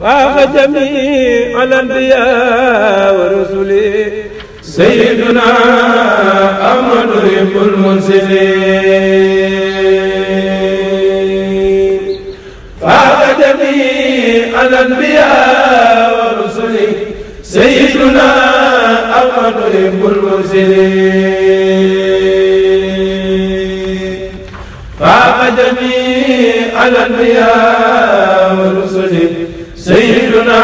فاق جميع الأنبياء ورسله سيدنا أحمد رب المرسلين فاق جميع الأنبياء ورسله سيدنا أحمد رب المرسلين فاق جميع الأنبياء ورسله سيدنا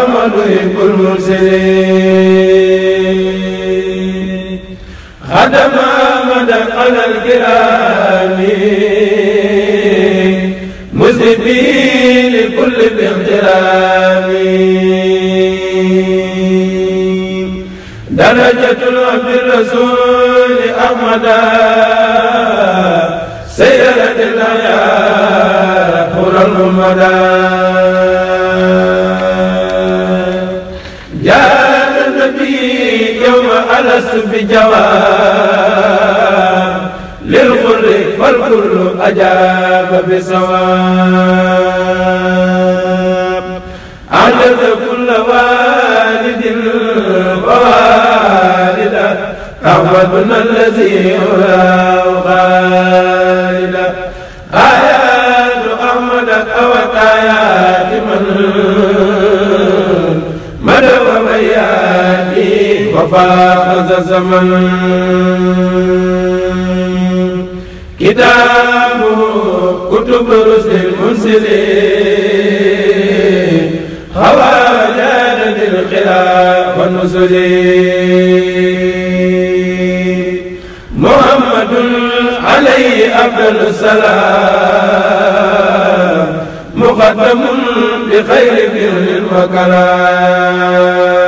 أحمد يحب المرسلين خدم مدى على الكرام مسلمين لكل باحترام درجة عبد الرسول أحمد سيرة الحياة قرى المدى ألست بجواب للغر والكل أجاب بصواب عدد كل والد ووالدة رحمتنا الذي هو غالدة فاز زمن كتابه كتب رسل المنسلين خواجان للخلاف والنسل محمد عليه أفضل السلام مقدم بخير فعل وكلام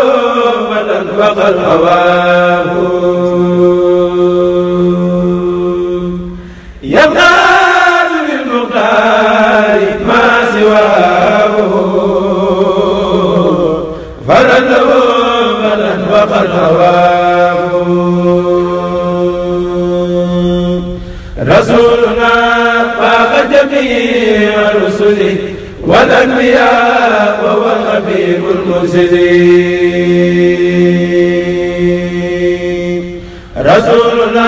سبق الهواه يبقى للمختار ما سواه فلن فلن وقد هواه رسولنا فاق جميع رسله والأنبياء وهو الخبير المرسلين rasulullah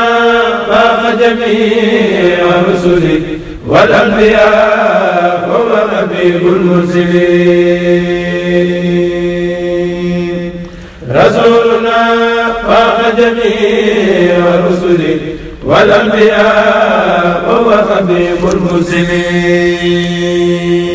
فاق جميع رسله والأنبياء هو حبيب المرسلين رسولنا فاق جميع رسله والأنبياء هو حبيب المرسلين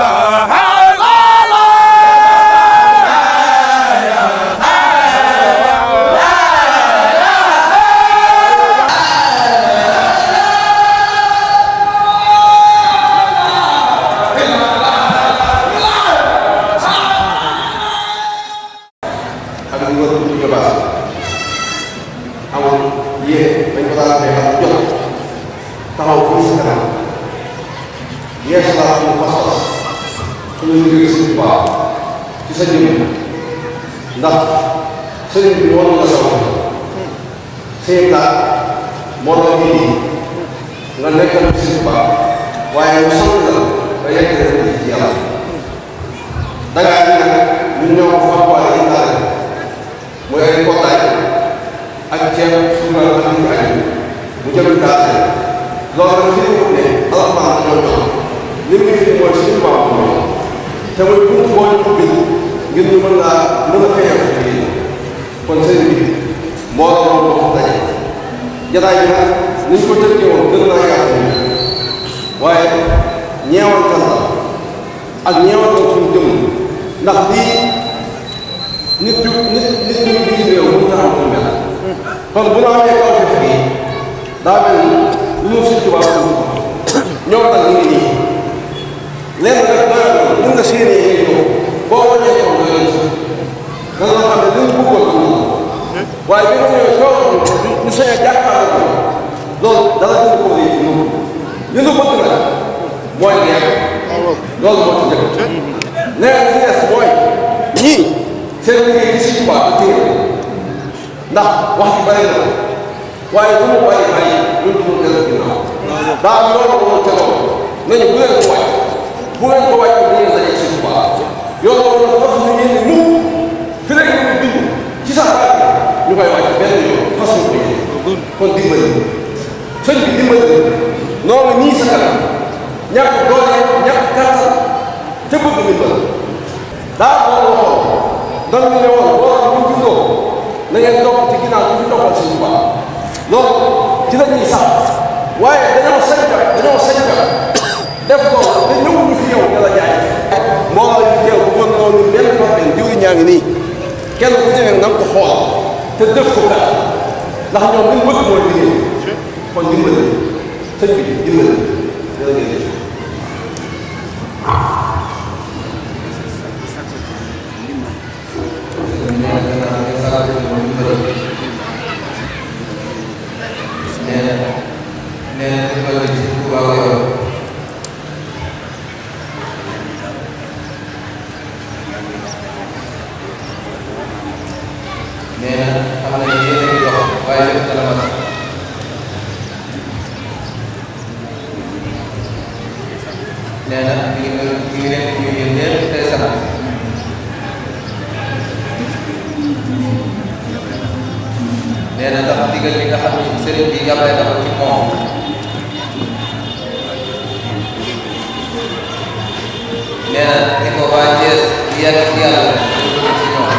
ilaha seen laaj moo doon indi nga nekkal ci suñu baax waaye lu soxla la nga yegg leen ci yàlla dangaa ne nag ñun ñoo ko fàmbaale yi daal mooy ay kotaay ak ceeb suuna la ak ay mu jëm daal loolu fi mu ne alxuraan ñoo jox li muy fi mooy suñu maam moom te muy pour boo ñu ubbi ngir ñu mën laa mën a feeñal kon seen bi moo doon wax daje jataay bi nag ni ñu ko tënkee woon gën naa yaatu waaye ñeewantal la ak ñeewantal suñu jëm ndax lii nit ñu nit nit ñu biir réew mu nga xam mel kon bu ñu amee kaw fi fii daa mel ni lu ñu suñ tubaab ko ñoo tax ñu ngi nii lenn rek maa ngi ko nga séenee boo wàññee ko nga xam ne li ñu bëggoon waaye bi nga ñëwee soo ko ñu sañ a jàkkaarloo ko loolu dara dina ko wéy ci ñun li nu bëgg nag mooy neex loolu moo ci njëkk nee na mooy ñii seen liggéey ci Sëñ Tuubaa du téye ndax wax ji bëri na waaye lu mu bëri bëri ñun du mu dellu ginnaaw daa loolu moo tegoon nañu bu leen ko wàcc bu leen kon dimbali ko sëñ bi dimbali ko noonu ñii sa kanam ñàkk doole ñàkk kàttan te bëgg dimbal daa boo waxoon ne woon boo bu jundoo na ngeen topp ci ginnaaw ñu fi toppal suñu la ñuy moo la ñu teew bu woon noonu benn problème diw ñaa ngi nii kenn ku ci ne na nga te def ko kat ndax ñoom li mu bëgg mooy liggéey kon dimbali sëñ bi dimbali jërëjëf nee na dafa digal li nga xam ne sëriñ bi yàlla dafa ci moom nee na ni ko waa Thiès yàlla ci yàlla ci ñoom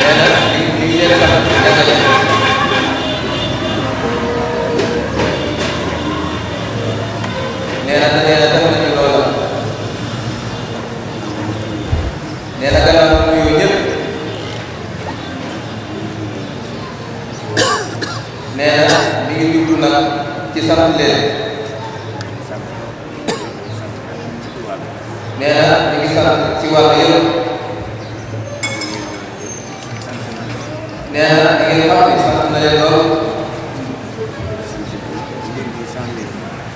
nee na li li leen tax a jagale nee na nee na na ci salaat leen nee na ñu ngi sant ci wàll yëpp nee na ñu ngi xam ne sant na leen lool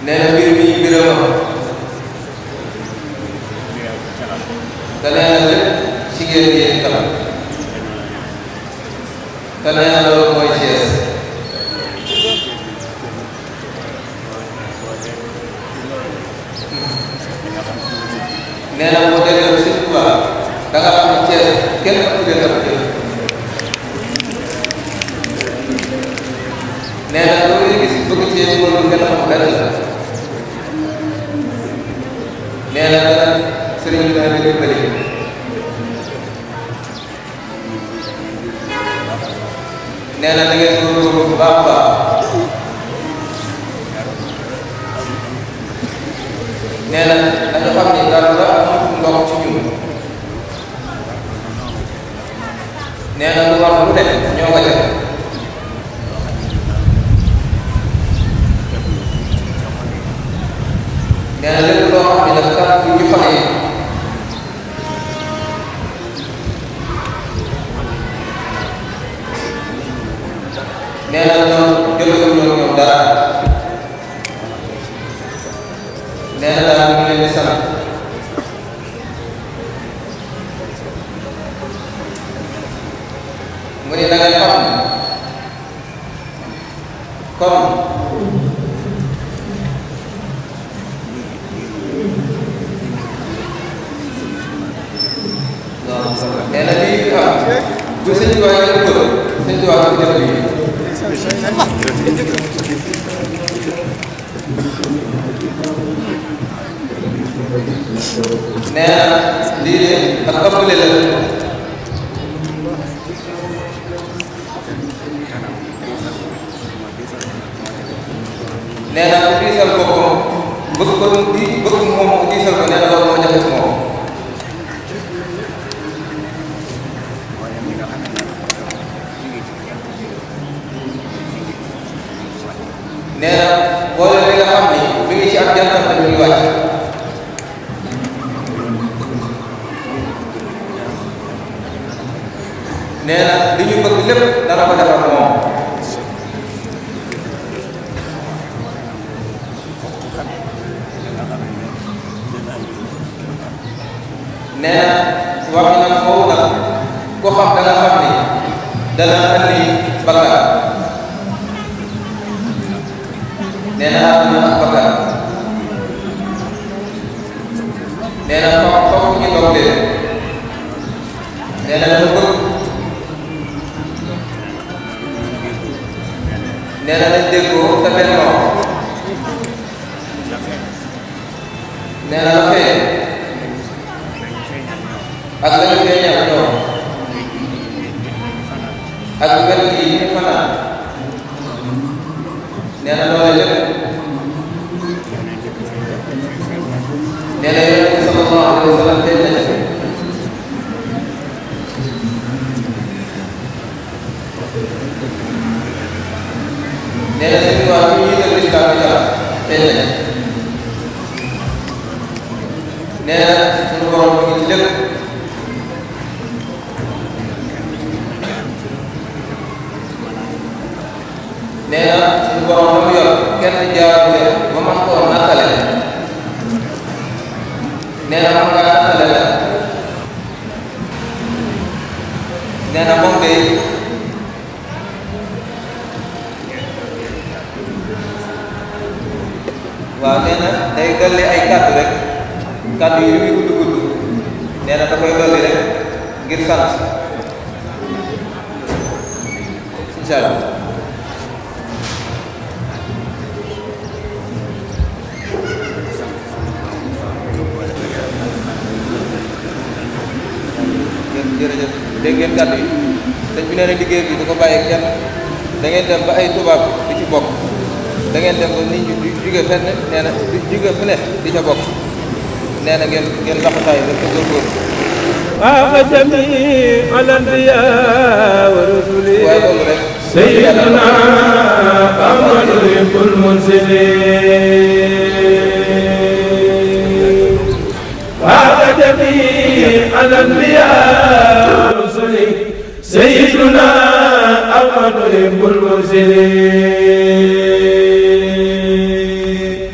nee na mbir mi gërëm te nee na lépp ci ngeen di kanam te nee na nee na loolu gis bëgg cee dugal lu gën a xam dara la nee na dara sëriñ bi dana dimbali nee na da ngeen góorgóorlu bu baax a baax nee ni dara la ndox ci ñun nee na lu wax lu nekk ñoo ko nee na lépp loo xam ne dafa tax bu ñu xamee nee na ñoom nee na lii de ak ëppale la nee na diisal ko ko bëgg ko di bëgg moom diisal ko nee na loolu moo moom nee nee na ñu bëgg lépp dana ko defal moom nee na wax na foofu nag ku xam da nga ni dana andi bakkaar nee na àdduna ak bakkaar nee na ñu doog leen nee na nee na lañ déggoo te bennoo nee na la feeñ ak lañu feeñal ñoom ak wet yi ñu fanaan nee na loolu lépp mbooloo ba mu yor kenn jaarule ba man koo nattale na nga nattale la nee na moom de waaw nee na day dolli ay kàddu rek kàddu yi muy gudd na da koy dolli rek ngir sant incha jërëjëf dégg ngeen gàtt yi sëñ bi bi du ko bàyyi kenn da ngeen ba ay tubaab di ci dem ba nit ñi nee na di jóge di ca bokk nee na ngeen ngeen laxasaay rek ko góorgóorlu waaw ah, jami wa rusuli waaye loolu rek sayyiduna amadu yubul jami على الانبياء رسلي سيدنا احمد بن المرسلين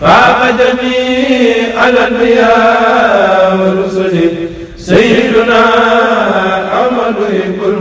فاق جميع الانبياء ورسله سيدنا احمد بن